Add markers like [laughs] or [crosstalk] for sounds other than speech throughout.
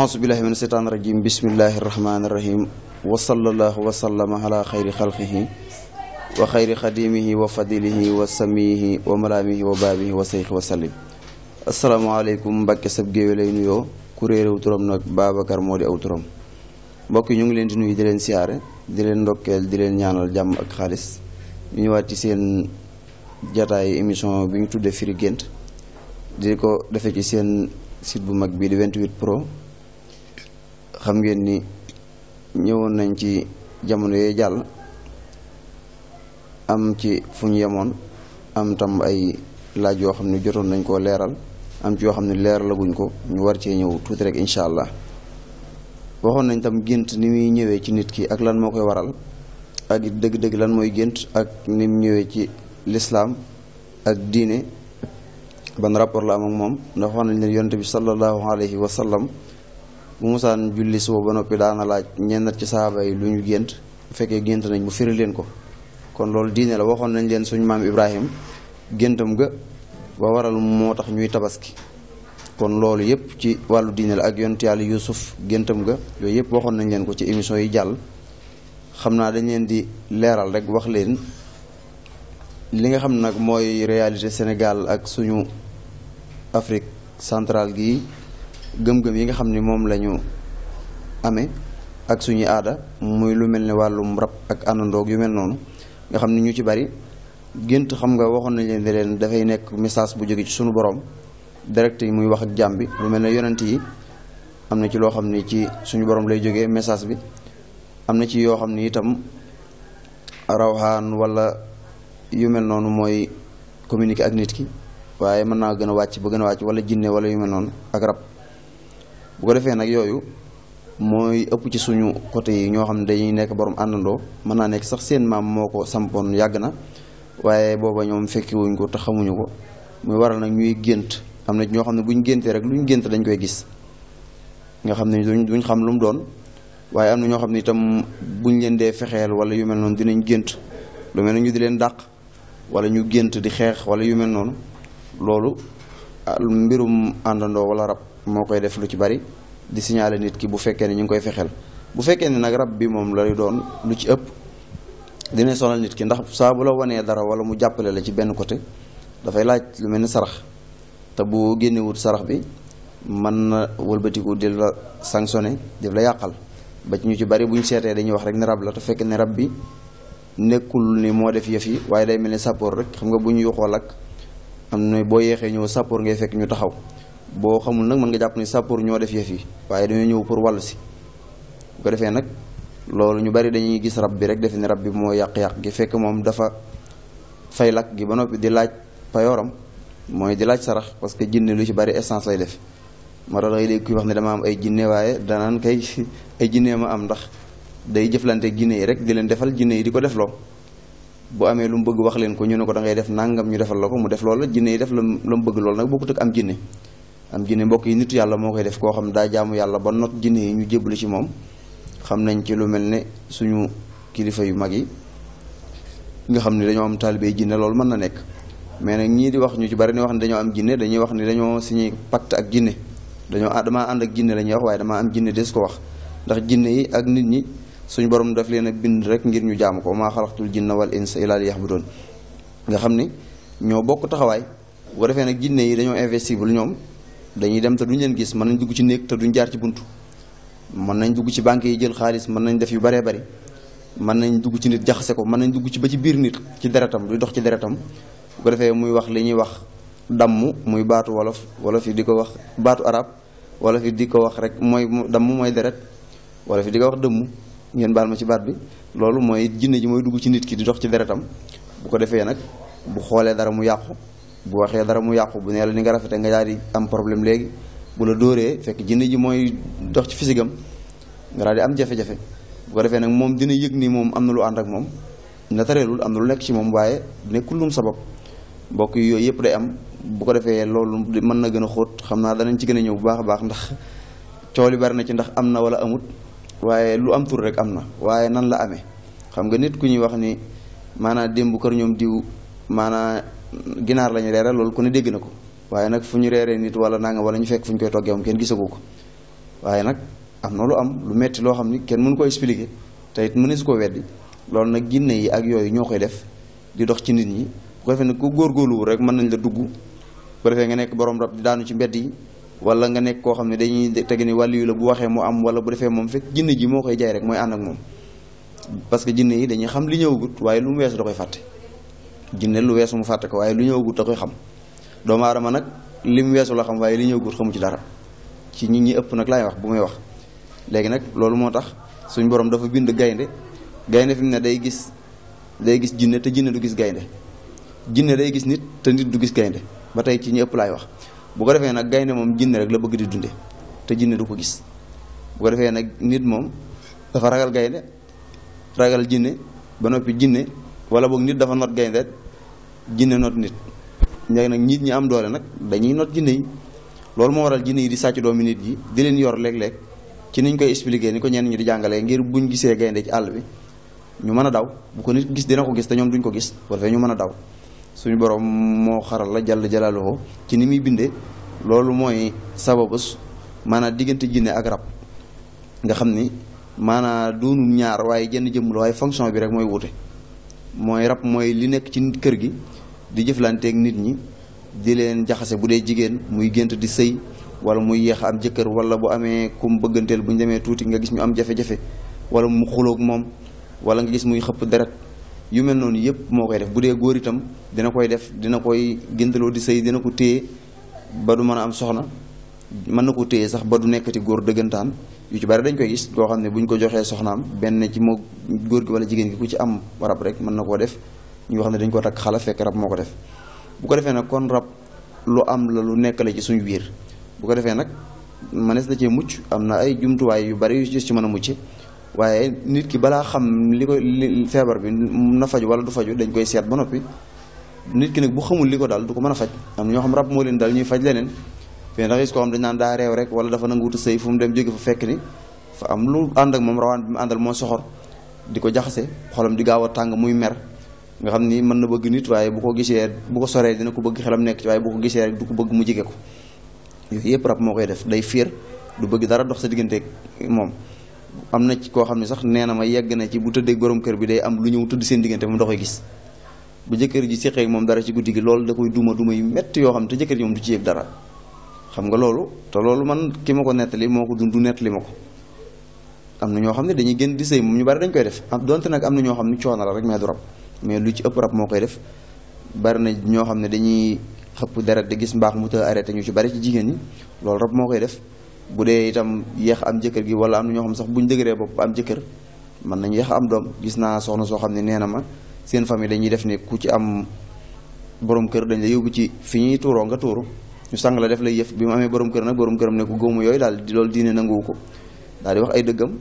ahousubillahi min asheytaan irajim bismillahi irrahmani irrahim wasalallaahu wasallama ala xayri xalqihi wa xayri xadimihi wa fadilihi wa samihi wa malaamihi wa baabihi wa seyxi wa sallim asalaamaaleykum mbàkke sab géewe lay nuyoo kuréer aw turam nag Babacar moo di aw turam mbokk yi ñu ngi leen di nuyu di leen siyaare di leen ndokkeel di leen ñaanal jàmm ak xaalis ñu ñëwaat ci seen jataayu émission bi ñu tuddee firi gént di ko defee ci seen sit bu mag bii di 28 xam ngeen ni ñëwoon nañ ci jamono yee jàll am ci fu ñu yemoon am tam ay laaj yoo xam ne jotoon nañ koo leeral am ci yoo xam ne leer leeralaguñ ko ñu war cee ñëw tuuti rek incha allah waxoon nañ tam gént ni muy ñëwee ci nit ki ak lan moo koy waral ak dëgg-dëgg lan mooy gént ak ni mu ñëwee ci lislaam ak diine ban rapport la am ak moom ndax wax nañ leen yonent bi sallallahu alayhi wa sallam bu musaan julli suba ba noppi daana laaj ñenn ci saaba yi lu ñu gént bu fekkee gént nañ mu firi leen ko kon loolu diine la waxoon nañ leen suñu maam Ibrahim géntam ga ba waral moo tax ñuy tabaski kon loolu yëpp ci wàllu diine la ak yonent yàlla Yuusuf géntam ga yooyu yëpp waxoon nañ leen ko ci émission yi jàll xam naa dañ leen di leeral rek wax leen li nga xam nag mooy réalité Sénégal ak suñu Afrique centrale gi gëm-gëm yi nga xam ni moom la ame ak suñu aada muy lu mel ni wàllum rab ak àndandoog yu mel noonu nga xam ni ñu ci bari gént xam nga waxoon nañ leen ne leen dafay nekk message bu jóge ci suñu borom direct yi muy wax ak jàmm bi lu mel ne yonent yi am na ci loo xam ni ci suñu borom lay jógee message bi am na ci yoo xam ni itam rawxaan walla yu mel noonu mooy communiquer ak nit ki waaye mën naa gën a wàcc ba gën a wàcc wala jinne wala yu mel noonu ak bu ko defee nag yooyu mooy ëpp ci suñu côté yi ñoo xam ne dañuy nekk borom àndandoo mën naa nekk sax seen maam moo ko sampoon yàgg na waaye booba ñoom fekki ko te xamuñu ko muy waral nag ñuy gént am na ñoo xam ne buñ géntee rek luñ gént dañ koy gis nga xam ne duñ xam lu mu doon waaye am na ñoo xam ne itam buñ leen dee fexeel wala yu mel noonu dinañ gént lu mel ne ñu di leen dàq wala ñu gént di xeex wala yu mel noonu loolu ah, mbirum àndandoo wala rab moo koy def lu ci bari di signaler nit ki bu fekkee ne ñu ngi koy fexeel bu fekkee ne nag rab bi moom lay doon lu ci ëpp dina sonal nit ki ndax saa bu la wanee dara wala mu jàppale la ci benn côté dafay laaj lu mel ni sarax te bu génnewut sarax bi man na wëlbatiku di la sanctionné di la yàqal ba ñu ci bari bu ñu seetee dañuy wax rek ne rab la te fekk ne rab bi nekkul ni moo def yëf yi waaye day mel ni sàppoor rek xam nga bu ñu yuuxoo lakk am na boo yeexee ñëw sàppoor ngay fekk ñu taxaw boo xamul nag mën nga jàpp ni sàppoor ñoo def yëf yi waaye dañuy ñëw pour wàllu si bu ko defee nag loolu ñu bari dañuy gis rab bi rek defe ni rab bi moo yàq-yàq gi fekk moom dafa fay lakk gi ba noppi di laaj payooram mooy di laaj sarax parce que jinne lu ci bari essence lay def moo tax léegi kuy wax ne dama am ay jinne waaye danaan kay [laughs] ay jinne ma am ndax day jëflante jinne yi rek di leen defal jinne yi di ko def defloo bu amee lu mu bëgg wax leen ko ñu ko da ngay def nangam ñu defal la mu def loolu yi def la mu bëgg loolu nag bokkut ak am jinne am jinne mbokk yi nit yàlla moo koy def koo xam daa jaamu yàlla ba not jinne yi ñu jébbalu ci moom xam nañ ci lu mel ne suñu kilifa yu mag yi nga xam ne dañoo am taalibee jinne loolu mën na nekk mais nag ñii di wax ñu ci bari ni wax ne dañoo am jinne dañuy wax ni dañoo signé pacte ak jinne dañoo damaa ànd ak jinne la ñuy waaye damaa am jinne des ko wax ndax jinne yi ak nit ñi suñu borom daf leen a bind rek ngir ñu jaamu ko maa xalaxtul jinna wal insa illa liya'budun nga xam ni ñoo bokk taxawaay bu ko defee nag jinne yi dañoo investible ñoom dañuy dem te duñ leen gis mën nañ dugg ci néeg te duñ jaar ci bunt mën nañ dugg ci banque yi jël xaalis mën nañ def yu baree bari mën nañ dugg ci nit jaxase ko mën nañ dugg ci ba ci biir nit ci deretam luy dox ci deretam bu ko defee muy wax li ñuy wax damm muy baatu wolof wolof yi di ko wax baatu arab wolof yi di ko wax rek mooy damm mooy deret wolof yi di ko wax dëmm ngeen baal ma ci baat bi loolu mooy jinne ji mooy dugg ci nit ki di dox ci deretam bu ko defee nag bu xoolee dara mu yàqu bu waxee dara mu yàqu bu nee la ni nga rafete nga daal di am problème léegi bu la dóoree fekk jinne ji mooy dox ci physique am am jafe-jafe bu ko defee nag moom dina yëg nii moom am na lu ànd ak moom natareelul am na lu nekk ci moom waaye nekkul lum sabab mbokk yi yooyu yëpp day am bu ko defee loolu mën na gën a xóot xam naa danañ ci gën a ñëw bu baax a baax ndax coow li bari na ci ndax am na wala amut waaye lu am tur rek am na waaye nan la amee xam nga nit ku ñuy wax ni maanaa démb kër ñoom diw maanaa ginaar la ñu reere loolu ku ne dégg na ko waaye nag fu ñu reere nit wala nanga wala ñu fekk fu ñu koy toggee moom kenn gisagu ko waaye nag am na lu am lu metti loo xam ni kenn mënu ko expliquer te it mënees koo weddi loolu nag ginne yi ak yooyu ñoo koy def di dox ci nit ñi ko defee nag rek mën nañ la dugg bu defee nga nekk borom rab di daanu ci mbedd yi wala nga nekk koo xam ne dañuy teg ni wàllu yu la bu waxee mu am wala bu defee moom fekk jinne ji moo koy jaay rek mooy ànd ak moom parce que jinne yi dañuy xam li ñëwagut waaye lu mu weesu da koy fàtte jinne lu weesu mu fàtte ko waaye lu ñëw ñëwagut da koy xam doomu aadama nag lim weesu la xam waaye li ñëw ñëwagut xamu ci dara ci nit ñi ëpp nag laay wax bu may wax léegi nag loolu moo tax suñu borom dafa bind gaynde gaynde fim ne day gis day gis jinne te jinne du gis gaynde jinne day gis nit te nit du gis gaynde ba tey ci ñi ëpp laay wax bu ko defee nag gaynde moom jinne rek la bëgg di dunde te jinne du ko gis bu ko defee nag nit moom dafa ragal gaynde ragal jinne ba noppi jinne wala boog nit dafa not gaynde jinne noot nit léegi nag nit ñi am doole nag dañuy noot jinne yi loolu moo waral jinne yi di sàcc doomi nit yi di leen yor léeg-léeg ci niñ koy expliqué ni ko ñenn ñu di jàngalee ngir buñ gisee gaynde ci àll bi ñu mën a daw bu ko nit gis dina ko gis te ñoom duñ ko gis bu defee ñu mën a daw suñu borom moo xaral la jàll jalaaluhu ci ni muy bindee loolu mooy sababus maanaam diggante jinne ak rab nga xam ni maanaa doonul ñaar waaye jenn jëmm la waaye fonction rek mooy wute mooy rab mooy li nekk ci kër gi di jëflanteeg nit ñi di leen jaxase bu dee jigéen muy gént di sëy wala muy yéex am jëkkër wala bu amee kum bëgganteel bu ñu demee tuuti nga gis ñu am jafe-jafe wala mu xuloog moom wala nga gis muy xëpp deret yu mel noonu yëpp moo koy def bu dee góor itam dina koy def dina koy géntaloo di sëy dina ko téye ba du mën a am soxna mën na ko téye sax ba du nekkati góor dëggantaan yu ci bari dañ koy gis koo xam ne buñ ko joxee soxnaam benn ci moo góor gi wala jigéen gi ku ci am warab rek mën na koo def ñu wax ne dañ ko takk xala fekk rab moo ko def bu ko defee nag kon rab lu am la lu nekk la ci suñu wiir bu ko defee nag mënees na cee mucc am na ay jumtuwaay yu bari yu ci mën a mucc waaye nit ki balaa xam li ko li feebar bi na faju wala du faju dañ koy seet ba noppi nit ki nag bu xamul li ko daal du ko mën a faj am na ñoo xam rab moo leen daal ñuy faj leneen mais da gis daa réew rek wala dafa nangu wutu sëy fu mu dem jóge fa fekk ni am lu ànd ak moom rawaan àndal moo soxor di ko jaxase xolam di gaaw a tàng muy mer nga xam ni mën na bëgg nit waaye bu ko gisee bu ko soree dina ko bëgg xelam nekk ci waaye bu ko gisee rek du ko bëgg mu jige ko yooyu yëpp rab moo koy def day fiir du bëgg dara dox sa digganteeg moom am na ci koo xam ne sax nee na ma yegg na ci bu tëddeeg borom kër bi day am lu ñëw tëdd seen diggante moom da koy gis bu jëkkër ji séqee moom dara ci guddi loolu da koy duma duma yu yoo xam te jëkkër ji moom du ci yëg dara xam nga loolu te loolu man ki ma ko nettali moo ko dund nettali ma ko am na ñoo xam ne dañuy génn di sëy moom ñu bari dañ koy def donte nag am na ñoo xam ne coono la rek mais du rab mais lu ci ëpp rab moo koy def bari na ñoo xam ne dañuy xëpp deret di gis mbaax mu të arrêté ñu ci bari ci jigéen ñi loolu rab moo koy def bu dee itam yeex am jëkkër gi wala am na ñoo xam sax buñ dëgëree bopp am jëkkër mën nañ yeex am doom gis naa soxna soo xam ne nee na ma seen famille dañuy def ne ku ci am borom kër dañu la yóbbu ci fi ñuy tuuroo nga tuuru ñu sang la def lay yëf bi mu amee borom kër nag borom këram ne ko góomu yooyu daal di loolu diine nanguwu ko daal di wax ay dëggam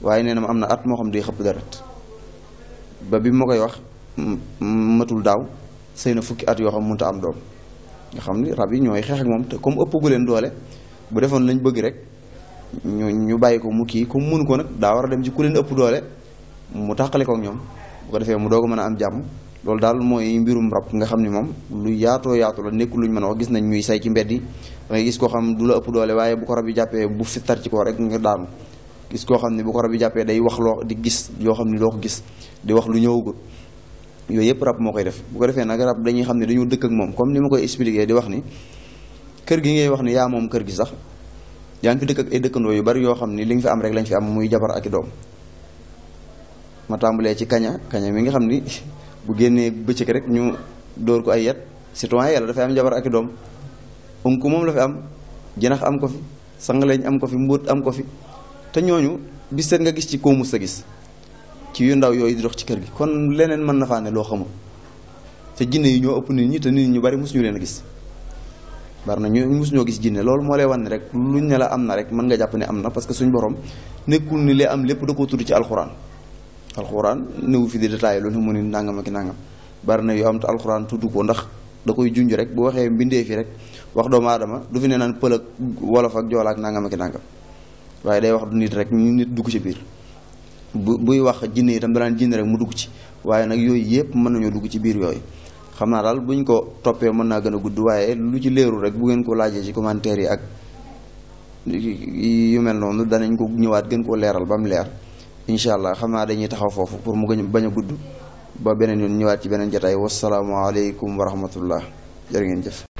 waaye nee na am na at moo xam day xëpp deret ba bi ma koy wax matul daaw sëy na fukki at yoo xam mënut ta am doom nga xam ni rab yi ñooy xeex moom te comme ëpp gu leen doole bu defoon lañ bëgg rek ñu ñu bàyyi ko mu kii comme mun ko nag daa war a dem ci ku leen ëpp doole mu tàqale ko ñoom bu ko defee mu doog ko mën a am jàmm loolu daal mooy mbirum rab nga xam ni moom lu yaatoo yaatu la nekkul luñ mën a wax gis nañ ñuy say ci mbedd yi da ngay gis koo xam du la ëpp doole waaye bu ko rab yi jàppee bu fi tar ci rek nga daanu gis koo xam ne bu ko rab jàppee day wax loo di gis yoo xam ni doo ko gis di wax lu ñëwagut yooyu yëpp rab moo koy def bu ko defee nag rab dañuy xam ne dañoo dëkk ak moom comme ni ma koy expliquer di wax ni kër gi ngay wax ni yaa moom kër gi sax yaa ngi fi dëkk ak ay dëkkandoo yu bari yoo xam ni li nga fi am rek lañ fi am muy jabar ak i doom ma ci kaña kaña mi nga xam ni bu génnee bëccëg rek ñu dóor ko ay yet citoyen yàlla dafay am jabar ak doom unku um moom la fi am janax am ko fi sangaleñ am ko fi mbóot am ko fi te ñooñu bis seen nga gis ci koo sa gis ci yu ndaw yooyu di dox ci kër gi kon leneen mën na faa ne loo xamul te jinne yi ñoo ëpp nit ñi te nit ñu bari mosuñu leen a gis bari na ñu mosuñoo gis jinne loolu moo lay wan ne rek luñ ne la am na rek mën nga jàpp ne am na parce que suñ borom nekkul ni lee am lépp da koo tudd ci alxuraan alxuraan newu fi di détaillé loolu mu ne ndàngamaki ak nangam bari na yoo am te alxuraan tudd ko ndax da koy junj rek bu waxee mbindee fi rek wax doomu aadama du fi ne naan pël ak wolof ak joolaak nangam ak nangam waaye day wax du nit rek nit dugg ci biir bu buy wax jinne itam daan jinne rek mu dugg ci waaye nag yooyu yëpp mën nañoo dugg ci biir yooyu xam naa daal buñ ko toppee mën naa gën a gudd waaye lu ci leerul rek bu ngeen ko laajee ci commentaire yi ak yu mel noonu danañ ko ñëwaat gën koo leeral ba mu leer incha allah xam naa dañuy taxaw foofu pour mu gën bañ a gudd ba beneen yoon ñëwaat ci beneen jotaay wasalaamualeykum wa rahmatullah jërë ngeen jëf